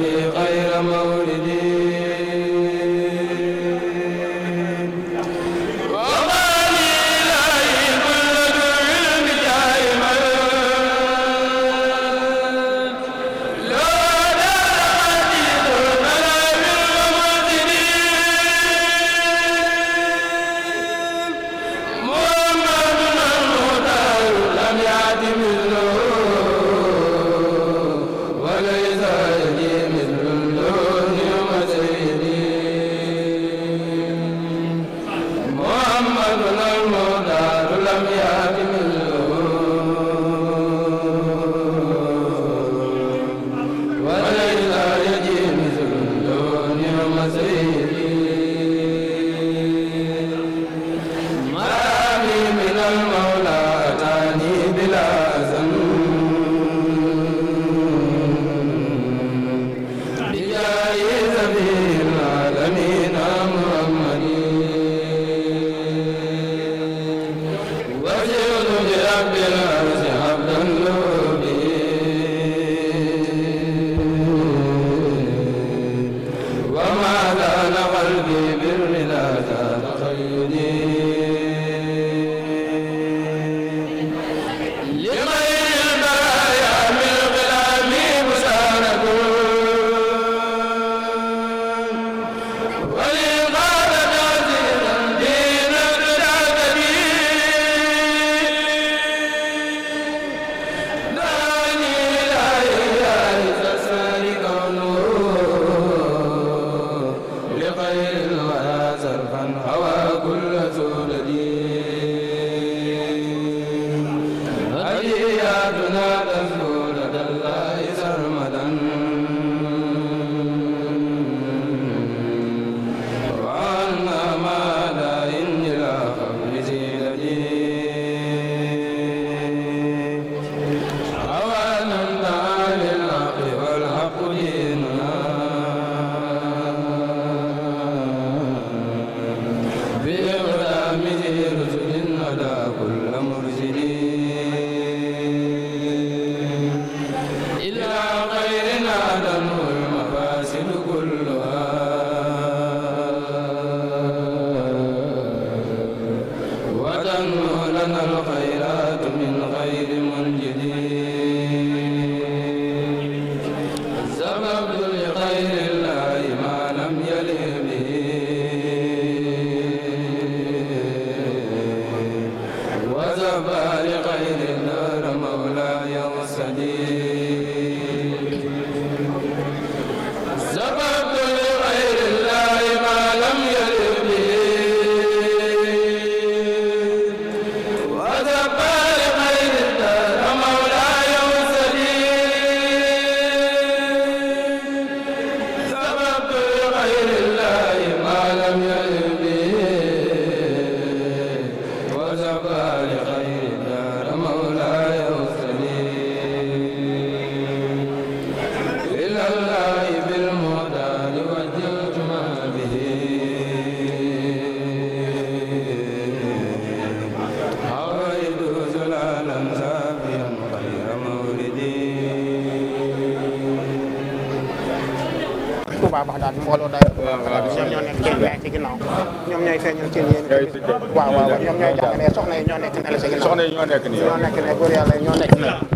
bi xayra mawlidi tabax daal mbooloo daal ñoom ñoo nekk seen yaay ci ginnaaw ñoom ñooy feeñal seen yéen waaw waaw ñoom ñooy jàngale soxna ñoo nekk ne la ci ginnaaw soxna yi ñoo nekk ñoo nekk ne góor na yi ñoo nekk ne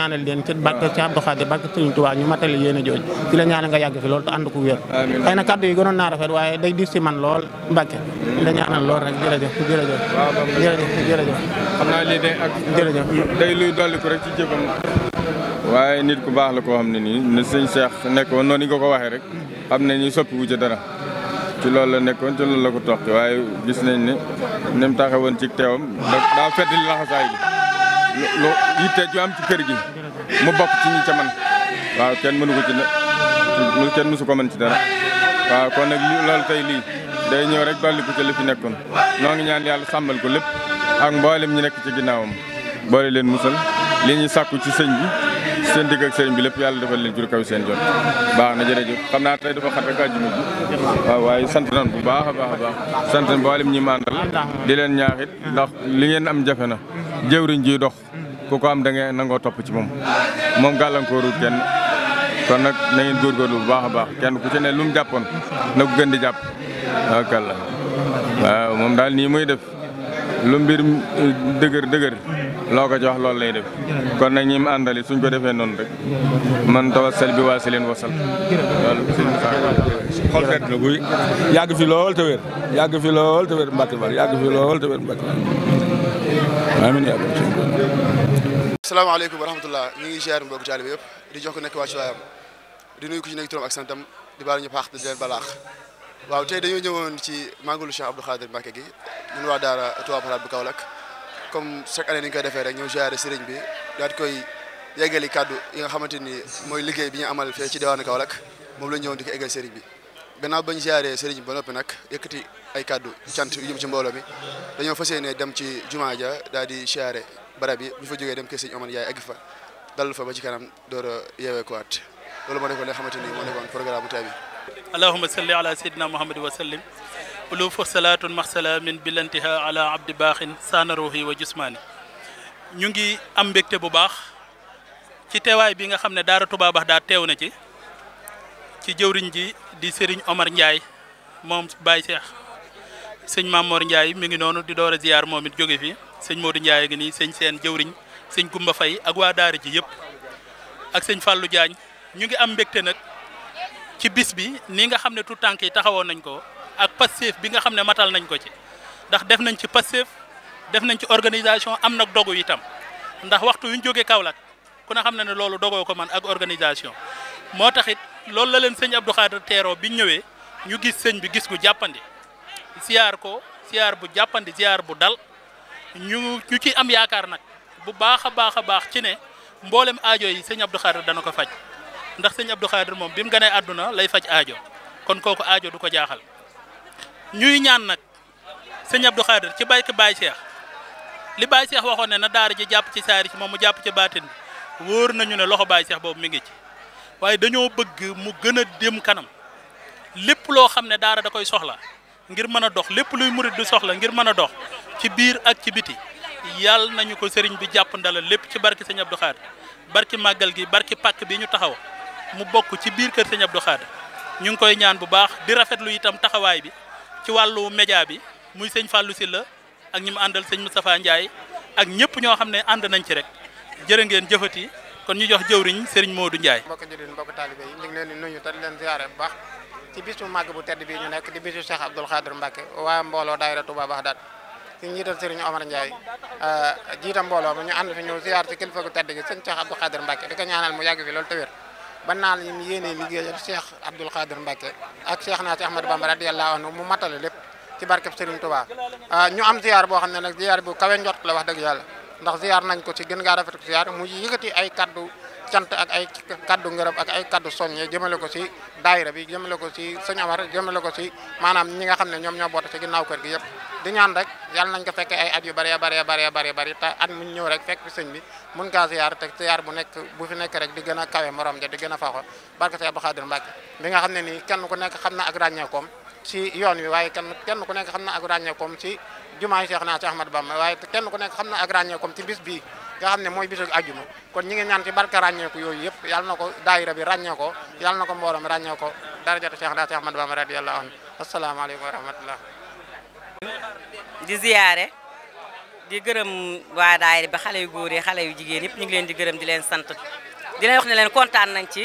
ñaanal leen ci barke ci Abdou Khadir barke Serigne Touba ñu matale yéen a jooj la ñaanal nga yàgg fi lool te ànd ko day la ñaanal lool rek jërëjëf jërëjëf jërëjëf jërëjëf xam naa lii day luy dolli ko rek ci jëfam waaye nit ku baax la koo xam ne nii ne sëñ nekkoon noonu nga ko waxee rek xam ne ñu soppi wu ci dara ci loolu la nekkoon ci loolu la ko topp waaye gis nañ ne ni mu taxawoon ci teewam daa fedd laxasaay lu yitte ju am ci kër gi mu bokk ci ñi ca man waaw kenn mënu ko ci kenn musu ko man ci dara waaw kon nag loolu tey lii day ñëw rek dolli ko ci li fi nekkoon noo ngi ñaan yàlla sàmmal ko lépp ak mboolem ñi nekk ci ginnaawam boole leen musal li ñuy sàkku ci sëñ bi seen digg ak sëriñ bi lépp yàlla defal leen jur kaw seen jot baax na jërëjëf xam naa tey dafa xat ak àjjuma waaw waaye sant noon bu baax a baax a baax sant nañ mboolem ñi màndal di leen ñaaxit ndax li ngeen am jafe na jëwriñ ji dox ku ko am da ngay nangoo topp ci moom moom gàllankoorul kenn kon nag na ngeen góorgóorlu bu baax a baax kenn ku ci ne lu jàppoon na ko gën di jàpp akalla waaw moom daal nii muy def lu mbir dëgër dëgër loo ko ci wax loolu lay def kon nag ñi mu àndali suñ ko defee noonu rek man tawassal bi waasi leen wasal loolu fi lool te wér yàgg fi lool te wér Mbacke Bal yàgg fi lool te wér amiin yàlla suñu ko asalaamaaleykum wa ngi ziar mbokk taalibe yëpp di jox ko nekk waa ci waayam di nuyu ku ci nekk turam ak santam di baal ñu paax di leen balaax waaw te dañoo ñëwoon ci màggalu Cheikh Abdou Khadir Mbacké gi ñun wax daara Touba Parade bu Kaolack comme chaque année ni ñu koy defee rek ñëw ziare sëriñ bi daal di koy yeggali kàddu yi nga xamante ni mooy liggéey bi ñu amal fee ci diwaanu Kaolack moom la ñu ñëwoon di ko eggal sëriñ bi gannaaw bañ ziaree sëriñ ba noppi nag yëkkati ay kàddu cant yu jëm ci mbooloo bi dañoo fas yéene dem ci jumaa ja daal di ziare barab yi bu ñu jógee dem kër sëriñ Omar Yaay ak fa dalal fa ba ci kanam door a yeewee ko waat loolu moo nekkoon li nga xamante ni moo nekkoon programme tey bi allahumma salli ala sayyidina muhammad wa sallim ulufu salaatun maxsala min bilantiha ala abdi baaxin saana ruuhi wa jismaani ñu ngi am mbégte bu baax ci teewaay bi nga xam ne daara Touba Bax daa teew na ci ci jëwriñ ji di Serigne Omar Ndiaye moom Baye Cheikh sëñ Mamor Ndiaye mi ngi noonu di door a ziar moom it jóge fi sëñ Modou Ndiaye gi nii sëñ seen jëwriñ sëñ Gumba fay ak waa daar ji yëpp ak sëñ Fallou jaañ ñu ngi am mbégte nag ci bis bi ni nga xam ne tout tànk yi taxawoon nañ ko ak Pastef bi nga xam ne matal nañ ko ci ndax def nañ ci Pastef def nañ ci organisation am nag dogu itam ndax waxtu yu ñu jógee Kaolack ku ne xam ne ne loolu dogoo ko man ak organisation loolu la leen sëñ Abdou Khadir teeroo bi ñëwee ñu gis sëñ bi gis gu jàppandi siyaar ko siyaar bu jàppandi siyaar bu dal ñu ñu ci am yaakaar nag bu baax a baax a baax ci ne mboolem aajo yi sëñ Abdou dana ko faj ndax sëñ Abdou moom bi mu ganee àdduna lay faj aajo kon kooku aajo du ko jaaxal ñuy ñaan nag sëñ Abdou Khadir baay bayk Baye Cheikh li Baye Cheikh waxoon ne na daara ji jàpp ci saari ci moom mu jàpp ci baatin bi nañu ne loxo baay seex boobu mi ngi ci waaye dañoo bëgg mu gën a dem kanam lépp loo xam ne daara da koy soxla ngir mën a dox lépp luy murit di soxla ngir mën a dox ci biir ak ci biti yàlla nañu ko sëriñ bi jàpp ndala lépp ci barki sëñ Abdou barki màggal gi barki pàkk bi ñu taxaw mu bokk ci biir kër sëñ Abdou Khadre ñu ngi koy ñaan bu baax di rafetlu itam taxawaay bi ci wàllu média bi muy sëñ fàllu si la ak ñi mu àndal sëñ Moustapha Ndiaye ak ñëpp ñoo xam ne ànd nañ ci rek jërë ngeen jëfati kon ñu jox jëwriñ Serigne Modou Ndiaye. mbokk jullit mbokk taalibe yi ñu ngi leen di nuyu te di leen baax ci bisu màgg bu tedd bi ñu nekk di bisu Cheikh Abdoul Khadir Mbacke waa mbooloo ba euh, ñu ànd fi ñëw ziar ci kilifa gu tedd gi sëñ Cheikh Abdoul Khadir Mbacke di ko ñaanal mu yàgg fi loolu te wér ba naal yi mu yéenee liggéeyal Cheikh Abdoul Khadir Mbacke ak Cheikh naa ci Ahmadou Bamba radiyallahu anhu mu matale lépp ci barkeb Serigne Touba euh, ñu am ziar boo xam ne nag ziar bu kawe njort la wax dëgg yàlla ndax ziar nañ ko ci gën ngaa rafet ko ziar mu yëkkati ay kaddu cant ak ay kaddu ngërëm ak ay kaddu soññe jëmale ko ci daayira bi jëmale ko ci sëñ Amar jëmale ko ci maanaam ñi nga xam ne ñoom ñoo boote ci ginnaaw kër gi yëpp di ñaan rek yàlla nañ ko fekkee ay at yu bëree bëree bëree bëri bëri te at mu ñëw rek fekk fi sëñ bi mun kaa ziar te ziar bu nekk bu fi nekk rek di gën a kawe morom ja di gën a faaxo barke Sëñ Abdou Khadir Mbacke bi nga xam ne nii kenn ku nekk xam na ak ràññeekoom ci yoon wi waaye kenn kenn ku nekk xam na ak ràññeekoom ci jumaa yi Seex naa si Ahmadu Bamba waaye kenn ku nekk xam na ak ràññeekom ci bis bii nga xam ne mooy bisu àjjuma kon ñi ngi ñaan ci barke ràññeeku yooyu yëpp na ko daayira bi ràññee ko yàlla na ko mbooloo mi ràññee ko darajatu Seex naa si Ahmadu Bamba radiyallahu anhu asalaamaaleykum wa rahmatullah di ziyaare di gërëm waa daayira bi xale yu góor yi xale yu jigéen yëpp ñu ngi leen di gërëm di leen sant di leen wax ne leen kontaan nañ ci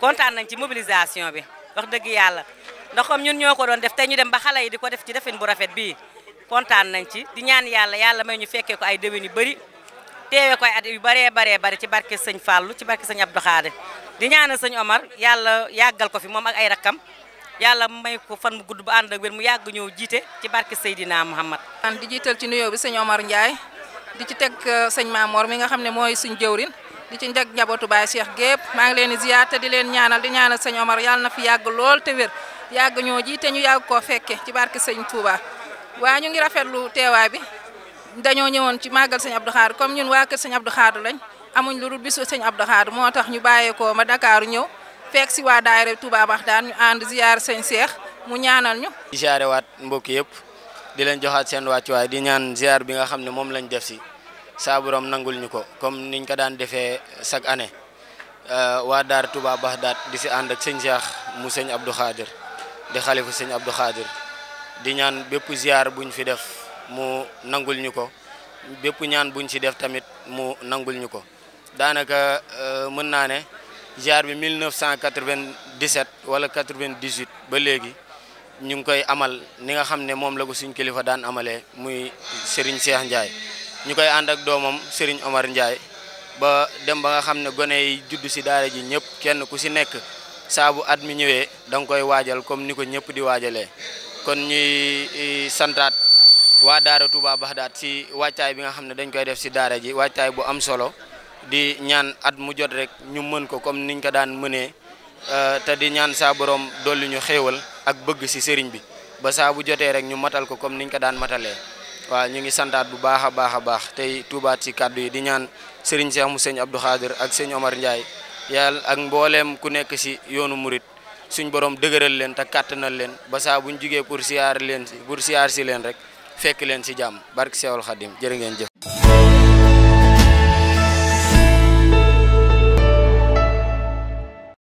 kontaan nañ ci mobilisation bi wax ndax comme ñun ñoo ko doon def te ñu dem ba xale yi di ko def ci defin bu rafet bii kontaan nañ ci di ñaan yàlla yàlla may ñu fekkee ko ay déwén yu bëri teewee koy at yu bëree baree bëri ci barke sëñ Fallou ci barke sëñ Abdou Khadre di ñaanal sëñ Omar yàlla yàggal ko fi moom ak ay rakkam yàlla may ko fan mu gudd bu ànd ak wér mu yàgg ñëw jiite ci barke Seydina Muhammad di jiital ci nuyoo bi sëñ Omar Ndiaye di ci teg sëñ maamoor mi nga xam ne mooy suñ jëwrin di ci njag njabootu Baye Cheikh gépp maa ngi leen di ziar te di leen ñaanal di ñaanal sëñ Omar yàlla na fi yàgg lool te wér yàgg ñoo ji te ñu yàgg koo fekke ci barke sëñ Touba waa ñu ngi rafetlu teewaay bi dañoo ñëwoon ci màggal sëñ Abdou Khadr comme ñun waa kër sëñ Abdou Khadr lañ amuñ lu dul bisu sëñ Abdou Khadr moo tax ñu bàyyeekoo ma Dakar ñëw fekk si waa daayira Touba Baxdaan ñu ànd ziar sëñ Cheikh mu ñaanal ñu. ziare waat mbokk yëpp di leen joxaat seen wàccuwaay di ñaan ziar bi nga xam ne moom lañ def si saa borom nangul ñu ko comme niñ ko daan defee chaque année euh, waa daar Touba Baxdaat di si ànd ak sëñ mu sëñ Abdou Khadir di xalifu sëñ Abdou Khadir di ñaan bépp ziar buñ fi def mu nangul ñu ko bépp ñaan buñ si def tamit mu nangul ñu ko daanaka euh, mën naa ne ziar bi 1997 wala 98 ba léegi ñu ngi koy amal ni nga xam ne moom la ko siñ kilifa daan amale muy Serigne Cheikh Ndiaye. ñu koy ànd ak doomam Serigne Omar Ndiaye ba dem ba nga xam ne gone yi juddu si daara ji ñëpp kenn ku si nekk saabu at mi ñëwee da nga koy waajal comme ni ko ñëpp di waajalee kon ñuy e, santaat waa daara Touba daat si waajtaay bi nga xam ne dañ koy def si daara ji waajtaay bu am solo di ñaan at mu jot rek ñu mën ko comme niñ ko daan mënee e, te di ñaan saa borom dolli ñu xéewal ak bëgg si sëriñ bi ba saabu jotee rek ñu matal ko comme niñ ko daan matalee waaw ñu ngi santaat bu baax a baax a baax tey tuubaat ci kàddu yi di ñaan sëriñ Cheikh mu sëñ Abdou Khadir ak sëñ Omar Ndiaye yàlla ak mbooleem ku nekk si yoonu murit suñ borom dëgëral leen te kàttanal leen ba saa buñ jugee pour siyaar leen si pour siyaar si leen rek fekk leen si jàmm barke Seexul Xadim jërë ngeen jëf